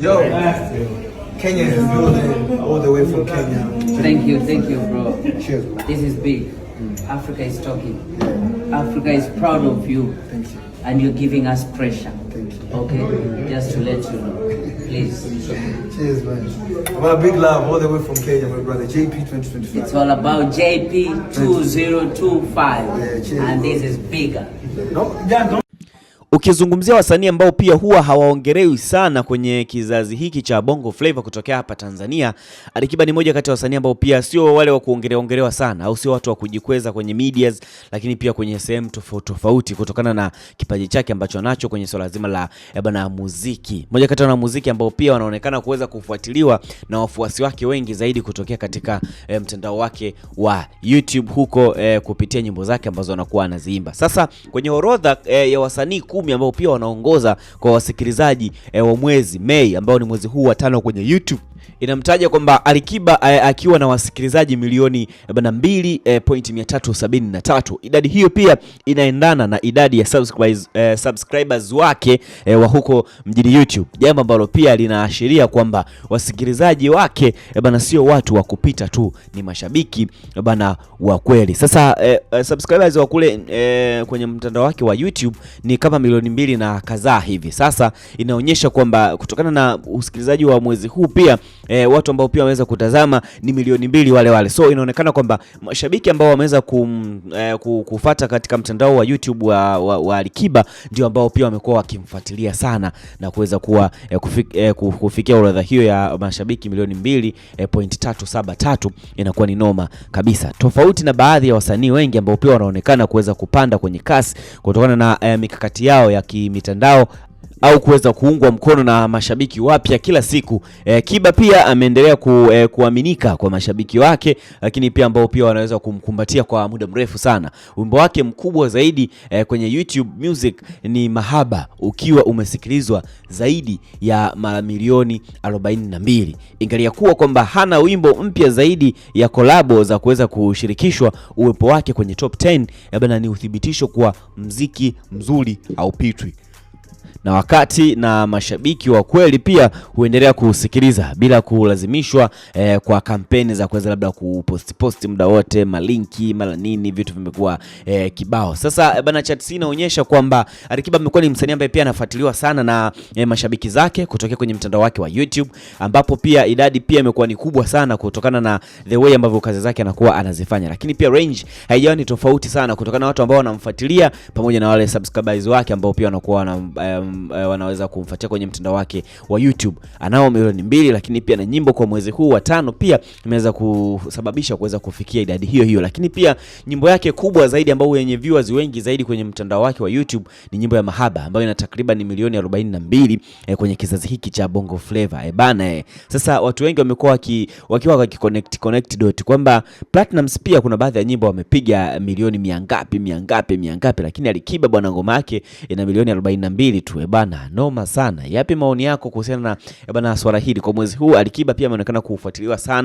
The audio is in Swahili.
Yo, Kenya is building all the way from Kenya. Thank you, thank you, bro. Cheers. This is big. Africa is talking. Africa is proud of you. Thank you. And you're giving us pressure. Thank you. Okay, just to let you know. Please. Cheers, man. My big love all the way from Kenya, my brother. JP 2025. It's all about JP 2025. Yeah, cheers. And this is bigger. No, yeah, no. Ukizungumzia wasanii ambao pia huwa hawaongelewi sana kwenye kizazi hiki cha Bongo Flava kutokea hapa Tanzania, Alikiba ni moja kati ya wasanii ambao pia sio wale wa kuongelea ongelewa sana au sio watu wa kujikweza kwenye medias, lakini pia kwenye sehemu tofauti tofauti kutokana na kipaji chake ambacho anacho kwenye swala zima la eh, bana muziki. Moja kati ya wanamuziki ambao pia wanaonekana kuweza kufuatiliwa na wafuasi wake wengi zaidi kutokea katika eh, mtandao wake wa YouTube huko eh, kupitia nyimbo zake ambazo anakuwa anaziimba. Sasa kwenye orodha eh, ya wasanii kumi ambao pia wanaongoza kwa wasikilizaji e, wa mwezi Mei ambao ni mwezi huu wa tano kwenye YouTube inamtaja kwamba Alikiba eh, akiwa na wasikilizaji milioni 2.373. Eh, e, eh, idadi hiyo pia inaendana na idadi ya subscribers, e, subscribers wake e, wa huko mjini YouTube, jambo ambalo pia linaashiria kwamba wasikilizaji wake e, bana sio watu wa kupita tu, ni mashabiki e, bana wa kweli. Sasa e, subscribers wa kule e, kwenye mtandao wake wa YouTube ni kama milioni mbili na kadhaa hivi. Sasa inaonyesha kwamba kutokana na usikilizaji wa mwezi huu pia eh, watu ambao pia wameweza kutazama ni milioni mbili wale wale. So inaonekana kwamba mashabiki ambao wameweza eh, kufata katika mtandao wa YouTube wa, wa, wa Alikiba ndio ambao pia wamekuwa wakimfuatilia sana na kuweza kuwa eh, kufik, eh, kufikia orodha hiyo ya mashabiki milioni mbili eh, point tatu saba tatu inakuwa ni noma kabisa, tofauti na baadhi ya wasanii wengi ambao pia wanaonekana kuweza kupanda kwenye kasi kutokana na eh, mikakati yao ya kimitandao au kuweza kuungwa mkono na mashabiki wapya kila siku. E, Kiba pia ameendelea ku, e, kuaminika kwa mashabiki wake, lakini pia ambao pia wanaweza kumkumbatia kwa muda mrefu sana. Wimbo wake mkubwa zaidi e, kwenye YouTube Music ni Mahaba, ukiwa umesikilizwa zaidi ya mara milioni 42, ingalia kuwa kwamba hana wimbo mpya zaidi ya kolabo za kuweza kushirikishwa. Uwepo wake kwenye top 10 bana ni uthibitisho kuwa mziki mzuri haupitwi na wakati na mashabiki wa kweli pia huendelea kusikiliza bila kulazimishwa eh, kwa kampeni za kuweza labda kupostposti muda wote malinki mara nini, vitu vimekuwa eh, kibao. Sasa eh, bana, chat Chatc inaonyesha kwamba Alikiba amekuwa ni msanii ambaye pia anafuatiliwa sana na eh, mashabiki zake kutokea kwenye mtandao wake wa YouTube, ambapo pia idadi pia imekuwa ni kubwa sana kutokana na the way ambavyo kazi zake anakuwa anazifanya, lakini pia range haijawa ni tofauti sana kutokana na watu ambao wanamfuatilia pamoja na wale subscribers wake ambao pia wanakuwa wana, um, eh, uh, wanaweza kumfuatia kwenye mtandao wake wa YouTube. Anao milioni mbili, lakini pia na nyimbo kwa mwezi huu wa tano pia imeweza kusababisha kuweza kufikia idadi hiyo hiyo, lakini pia nyimbo yake kubwa zaidi ambayo yenye viewers wengi zaidi kwenye mtandao wake wa YouTube ni nyimbo ya Mahaba ambayo ina takriban milioni 42 eh, kwenye kizazi hiki cha Bongo Flava eh, bana eh. Sasa watu wengi wamekuwa waki, wakiwa wakiconnect connect dot kwamba Platinums pia kuna baadhi ya nyimbo wamepiga milioni miangapi miangapi miangapi, lakini Alikiba bwana ngoma yake ina milioni 42 tu yetu. Eh, e bana, noma sana. Yapi maoni yako kuhusiana na e bana swala hili kwa mwezi huu? Alikiba pia ameonekana kufuatiliwa sana.